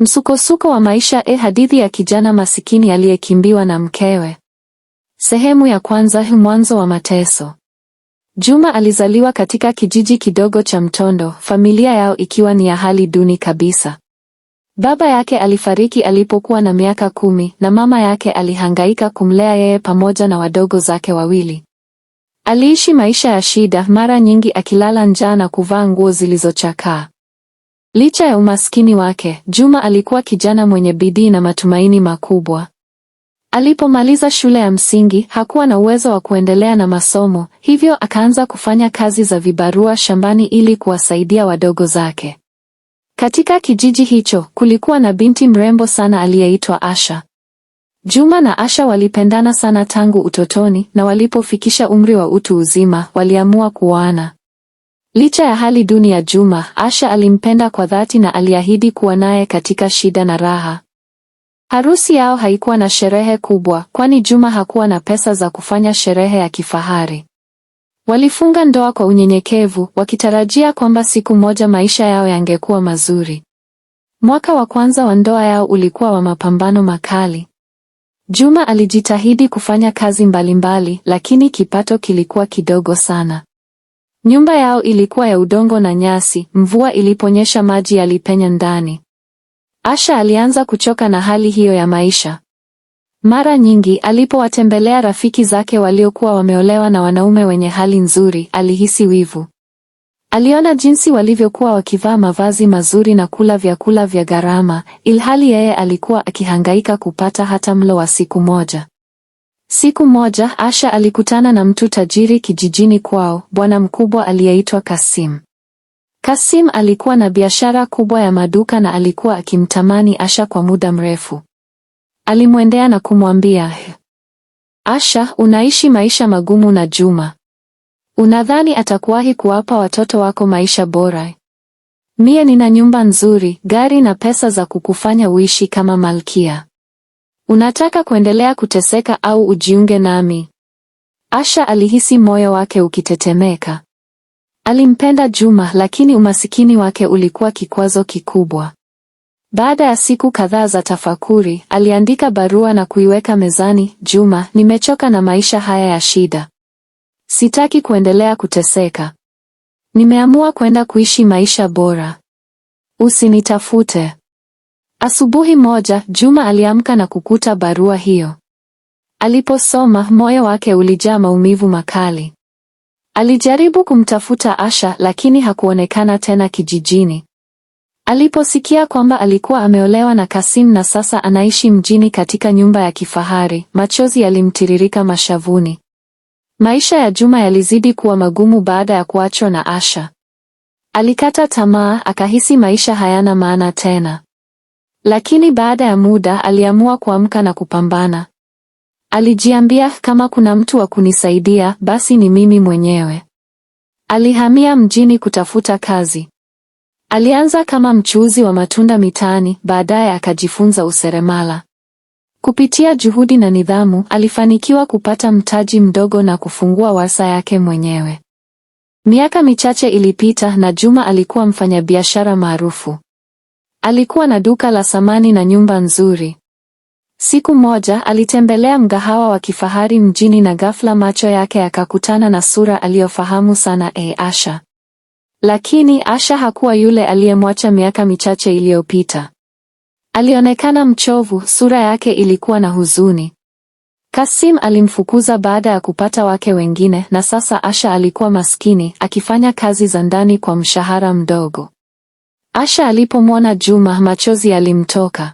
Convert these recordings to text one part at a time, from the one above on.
Msukosuko wa maisha e, hadithi ya kijana masikini aliyekimbiwa na mkewe. Sehemu ya kwanza, mwanzo wa mateso. Juma alizaliwa katika kijiji kidogo cha Mtondo, familia yao ikiwa ni ya hali duni kabisa. Baba yake alifariki alipokuwa na miaka kumi na mama yake alihangaika kumlea yeye pamoja na wadogo zake wawili. Aliishi maisha ya shida, mara nyingi akilala njaa na kuvaa nguo zilizochakaa. Licha ya umaskini wake, Juma alikuwa kijana mwenye bidii na matumaini makubwa. Alipomaliza shule ya msingi, hakuwa na uwezo wa kuendelea na masomo, hivyo akaanza kufanya kazi za vibarua shambani ili kuwasaidia wadogo zake. Katika kijiji hicho, kulikuwa na binti mrembo sana aliyeitwa Asha. Juma na Asha walipendana sana tangu utotoni na walipofikisha umri wa utu uzima, waliamua kuoana. Licha ya hali duni ya Juma, Asha alimpenda kwa dhati na aliahidi kuwa naye katika shida na raha. Harusi yao haikuwa na sherehe kubwa, kwani Juma hakuwa na pesa za kufanya sherehe ya kifahari. Walifunga ndoa kwa unyenyekevu, wakitarajia kwamba siku moja maisha yao yangekuwa mazuri. Mwaka wa kwanza wa ndoa yao ulikuwa wa mapambano makali. Juma alijitahidi kufanya kazi mbalimbali, lakini kipato kilikuwa kidogo sana. Nyumba yao ilikuwa ya udongo na nyasi. Mvua iliponyesha, maji yalipenya ndani. Asha alianza kuchoka na hali hiyo ya maisha. Mara nyingi alipowatembelea rafiki zake waliokuwa wameolewa na wanaume wenye hali nzuri, alihisi wivu. Aliona jinsi walivyokuwa wakivaa mavazi mazuri na kula vyakula vya gharama, ilhali yeye alikuwa akihangaika kupata hata mlo wa siku moja. Siku moja Asha alikutana na mtu tajiri kijijini kwao, bwana mkubwa aliyeitwa Kasim. Kasim alikuwa na biashara kubwa ya maduka na alikuwa akimtamani Asha kwa muda mrefu. Alimwendea na kumwambia, Asha, unaishi maisha magumu na Juma. Unadhani atakuwahi kuwapa watoto wako maisha bora? Mie nina nyumba nzuri, gari na pesa za kukufanya uishi kama malkia. Unataka kuendelea kuteseka au ujiunge nami? Asha alihisi moyo wake ukitetemeka. Alimpenda Juma lakini umasikini wake ulikuwa kikwazo kikubwa. Baada ya siku kadhaa za tafakuri, aliandika barua na kuiweka mezani. Juma, nimechoka na maisha haya ya shida. Sitaki kuendelea kuteseka. Nimeamua kwenda kuishi maisha bora. Usinitafute. Asubuhi moja, Juma aliamka na kukuta barua hiyo. Aliposoma, moyo wake ulijaa maumivu makali. Alijaribu kumtafuta Asha lakini hakuonekana tena kijijini. Aliposikia kwamba alikuwa ameolewa na Kasim na sasa anaishi mjini katika nyumba ya kifahari, machozi yalimtiririka mashavuni. Maisha ya Juma yalizidi kuwa magumu baada ya kuachwa na Asha. Alikata tamaa, akahisi maisha hayana maana tena. Lakini baada ya muda aliamua kuamka na kupambana. Alijiambia kama kuna mtu wa kunisaidia basi ni mimi mwenyewe. Alihamia mjini kutafuta kazi. Alianza kama mchuuzi wa matunda mitaani, baadaye akajifunza useremala. Kupitia juhudi na nidhamu, alifanikiwa kupata mtaji mdogo na kufungua wasa yake mwenyewe. Miaka michache ilipita na Juma alikuwa mfanyabiashara maarufu. Alikuwa na duka la samani na nyumba nzuri. Siku moja alitembelea mgahawa wa kifahari mjini na ghafla macho yake yakakutana na sura aliyofahamu sana, e, Asha. Lakini Asha hakuwa yule aliyemwacha miaka michache iliyopita. Alionekana mchovu, sura yake ilikuwa na huzuni. Kasim alimfukuza baada ya kupata wake wengine na sasa Asha alikuwa maskini akifanya kazi za ndani kwa mshahara mdogo. Asha alipomwona Juma machozi yalimtoka.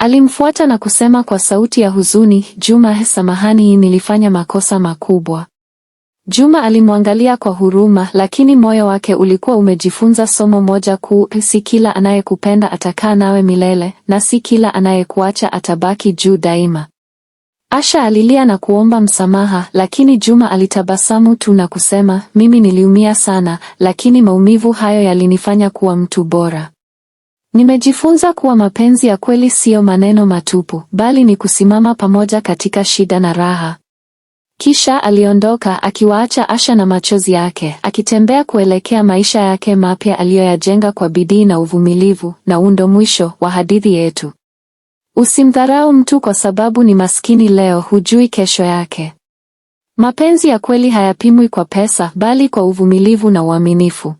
Alimfuata na kusema kwa sauti ya huzuni, Juma, samahani, nilifanya makosa makubwa. Juma alimwangalia kwa huruma, lakini moyo wake ulikuwa umejifunza somo moja kuu: si kila anayekupenda atakaa nawe milele, na si kila anayekuacha atabaki juu daima. Asha alilia na kuomba msamaha, lakini Juma alitabasamu tu na kusema, mimi niliumia sana, lakini maumivu hayo yalinifanya kuwa mtu bora. Nimejifunza kuwa mapenzi ya kweli siyo maneno matupu, bali ni kusimama pamoja katika shida na raha. Kisha aliondoka akiwaacha Asha na machozi yake, akitembea kuelekea maisha yake mapya aliyoyajenga kwa bidii na uvumilivu, na undo mwisho wa hadithi yetu. Usimdharau mtu kwa sababu ni maskini leo, hujui kesho yake. Mapenzi ya kweli hayapimwi kwa pesa, bali kwa uvumilivu na uaminifu.